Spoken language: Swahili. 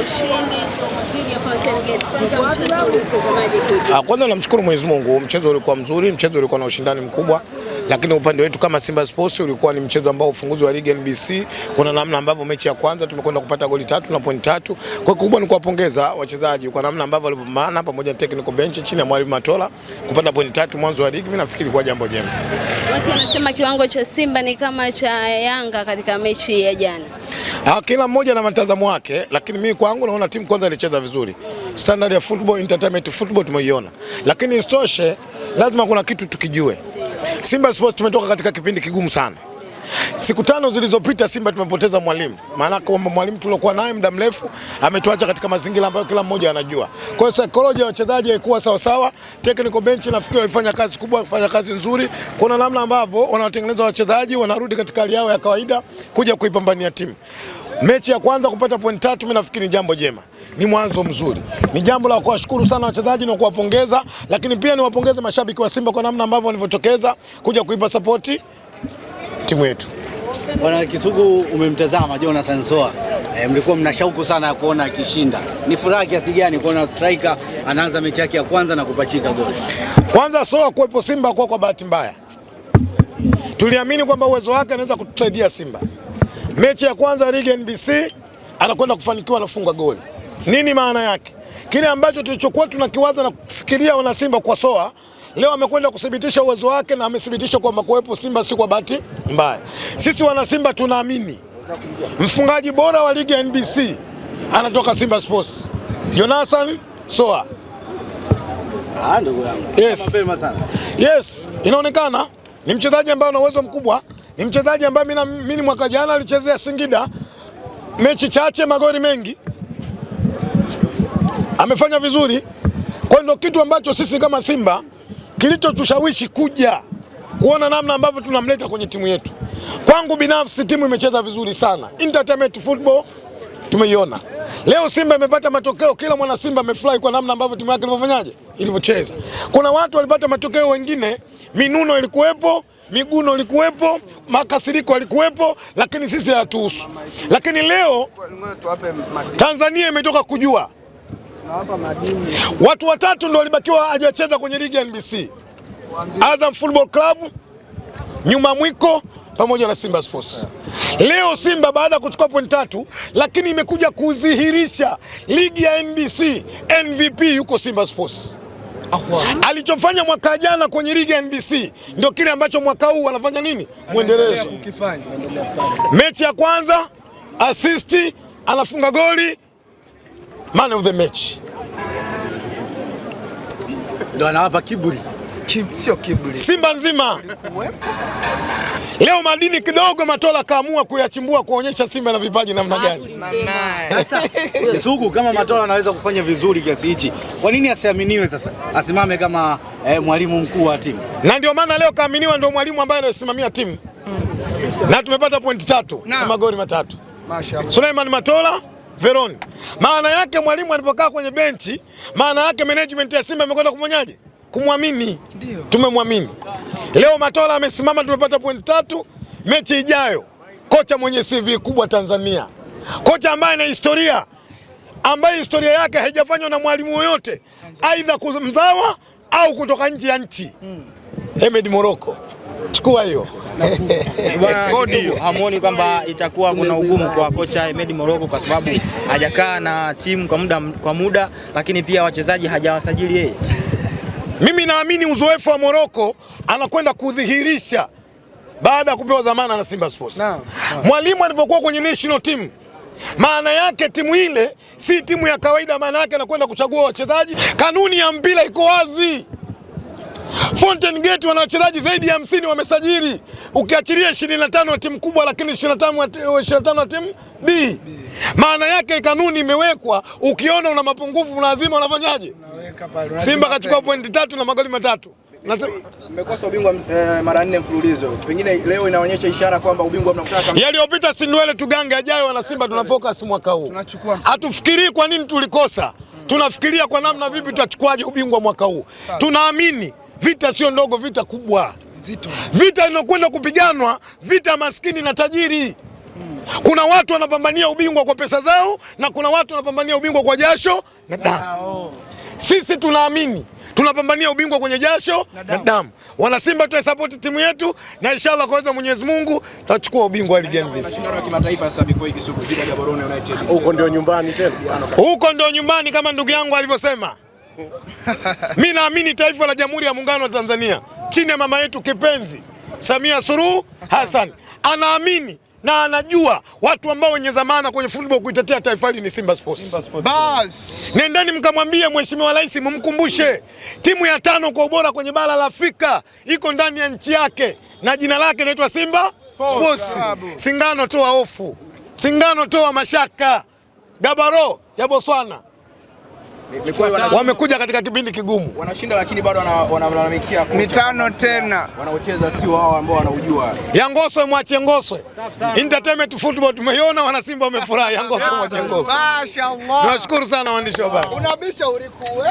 ushindi dhidi ya Fountain Gate. Kwanza ah, kwanza namshukuru Mwenyezi Mungu, mchezo ulikuwa mzuri, mchezo ulikuwa na ushindani mkubwa lakini upande wetu kama Simba Sports ulikuwa ni mchezo ambao ufunguzi wa ligi NBC, kuna namna ambavyo mechi ya kwanza tumekwenda kupata goli tatu na pointi tatu. Kwa kubwa ni kuwapongeza wachezaji kwa namna ambavyo walipambana pamoja na technical bench chini ya mwalimu Matola kupata pointi tatu mwanzo wa ligi, mimi nafikiri kwa jambo jema. Watu wanasema kiwango cha Simba ni kama cha Yanga katika mechi ya jana. Ah, kila mmoja na mtazamo wake, lakini mimi kwangu naona timu kwanza ilicheza vizuri. Standard ya football, entertainment football tumeiona, lakini isitoshe lazima kuna kitu tukijue. Simba Sports tumetoka katika kipindi kigumu sana Siku tano zilizopita Simba tumepoteza mwalimu, maana kwamba mwalimu tuliokuwa naye muda mrefu ametuacha katika mazingira ambayo kila mmoja anajua. Kwa hiyo saikolojia ya wachezaji haikuwa sawa sawa. Technical bench nafikiri walifanya kazi kubwa, walifanya kazi nzuri. Kuna namna ambavyo wanawatengeneza wachezaji, wanarudi katika hali yao ya kawaida kuja kuipambania timu. Mechi ya kwanza kupata point tatu, mimi nafikiri ni jambo jema, ni mwanzo mzuri, ni jambo la kuwashukuru sana wachezaji na kuwapongeza, lakini pia niwapongeze mashabiki wa Simba kwa namna ambavyo walivyotokeza kuja kuipa sapoti timu yetu. Bwana Kisugu, umemtazama Jonathan Soa e, eh, mlikuwa mna shauku sana ya kuona akishinda. Ni furaha kiasi gani kuona striker anaanza mechi yake ya kwanza na kupachika goli? Kwanza Soa kuwepo Simba kwa kwa bahati mbaya, tuliamini kwamba uwezo wake anaweza kutusaidia Simba. Mechi ya kwanza ligi NBC anakwenda kufanikiwa, anafunga goli. Nini maana yake? Kile ambacho tulichokuwa tunakiwaza na kufikiria wana Simba kwa Soa leo amekwenda kuthibitisha uwezo wake na amethibitisha kwamba kuwepo Simba si kwa bahati mbaya. Sisi wana Simba tunaamini mfungaji bora wa ligi ya NBC anatoka Simba Sports, Jonathan Soa. Ah, yes. Yes, inaonekana ni mchezaji ambaye ana uwezo mkubwa, ni mchezaji ambaye mimi mwaka jana alichezea Singida mechi chache magoli mengi, amefanya vizuri. Kwa hiyo ndio kitu ambacho sisi kama Simba kilichotushawishi kuja kuona namna ambavyo tunamleta kwenye timu yetu. Kwangu binafsi timu imecheza vizuri sana, entertainment football tumeiona leo. Simba imepata matokeo, kila mwana Simba amefurahi kwa namna ambavyo timu yake ilivyofanyaje, ilivyocheza. Kuna watu walipata matokeo wengine, minuno ilikuwepo, miguno ilikuwepo, makasiriko alikuwepo, lakini sisi hatuhusu. Lakini leo Tanzania imetoka kujua Watu watatu ndio walibakiwa hajacheza kwenye ligi ya NBC: Azam Football Club, nyuma mwiko pamoja na Simba Sports. Leo Simba baada ya kuchukua pointi tatu, lakini imekuja kudhihirisha ligi ya NBC, MVP yuko Simba Sports. Alichofanya mwaka jana kwenye ligi ya NBC ndio kile ambacho mwaka huu anafanya nini, mwendelezo. Mechi ya kwanza asisti, anafunga goli man of the match. Ndio anawapa kiburi. sio kiburi. Simba nzima leo madini kidogo Matola kaamua kuyachimbua kuonyesha Simba na vipaji namna gani. Sasa Sugu, kama Matola anaweza kufanya vizuri kiasi hichi, kwa nini asiaminiwe sasa asimame kama eh, mwalimu mkuu wa timu? Na ndio maana leo kaaminiwa, ndio mwalimu ambaye anasimamia timu hmm. na tumepata pointi tatu na magoli matatu. Mashallah. Suleiman Matola Veron. Maana yake mwalimu alipokaa kwenye benchi, maana yake management ya Simba imekwenda kufanyaje? Kumwamini. Tumemwamini. Leo Matola amesimama, tumepata pointi tatu. Mechi ijayo, kocha mwenye CV kubwa Tanzania, kocha ambaye ana historia ambaye historia yake haijafanywa na mwalimu yoyote, aidha kumzawa au kutoka nje ya nchi. Ahmed hmm. Moroko, chukua hiyo hamuoni kwamba itakuwa kuna ugumu kwa kocha Ahmed Moroko kwa sababu hajakaa na timu kwa muda, kwa muda lakini pia wachezaji hajawasajili yeye? Mimi naamini uzoefu wa Moroko anakwenda kudhihirisha baada ya kupewa dhamana na Simba Sports. Naam. Mwalimu alipokuwa kwenye national team, maana yake timu ile si timu ya kawaida, maana yake anakwenda kuchagua wachezaji. Kanuni ya mpira iko wazi. Fountain Gate wana wachezaji zaidi ya 50 wamesajili, ukiachilia 25 wa timu kubwa, lakini 25 wa timu B. Maana yake kanuni imewekwa, ukiona una mapungufu lazima unafanyaje? Simba kachukua pointi tatu na magoli matatu. Mmekosa ubingwa eh, mara nne mfululizo. Pengine leo inaonyesha ishara kwamba ubingwa mnataka. Yaliyopita si ndwele tugange, ajayo wana Simba tuna focus mwaka huu. tunachukua. Hatufikirii kwa nini tulikosa, tunafikiria kwa namna vipi tutachukuaje ubingwa mwaka huu. Tunaamini Vita sio ndogo, vita kubwa Zito. Vita inakwenda kupiganwa, vita maskini na tajiri. Hmm. Kuna watu wanapambania ubingwa kwa pesa zao na kuna watu wanapambania ubingwa kwa jasho na damu. Sisi tunaamini tunapambania ubingwa kwenye jasho na damu. Wanasimba, tunaisapoti timu yetu na inshallah kwa uwezo Mwenyezi Mungu tutachukua ubingwa wa ligi ya NBC. Huko ndio nyumbani tena, huko ndio nyumbani kama ndugu yangu alivyosema. mi naamini taifa la Jamhuri ya Muungano wa Tanzania chini ya mama yetu kipenzi Samia Suluhu Hassan anaamini na anajua watu ambao wenye zamana kwenye football kuitetea taifa hili ni Simba Sports. Simba Sports. Bas. Nendeni mkamwambie Mheshimiwa Rais, mumkumbushe timu ya tano kwa ubora kwenye bara la Afrika iko ndani ya nchi yake na jina lake inaitwa Simba Sports. Singano toa hofu, Singano toa mashaka. Gabaro ya Botswana wamekuja katika kipindi kigumu, wanashinda lakini bado wanamlalamikia mitano tena, wanaocheza si wao ambao wanaujua. Yangoswe mwache Ngoswe, entertainment football tumeiona, wana Simba wamefurahi. Yangoswe mwache Ngoswe. Mashaallah, nashukuru sana waandishi wa habari. Unabisha ulikuwa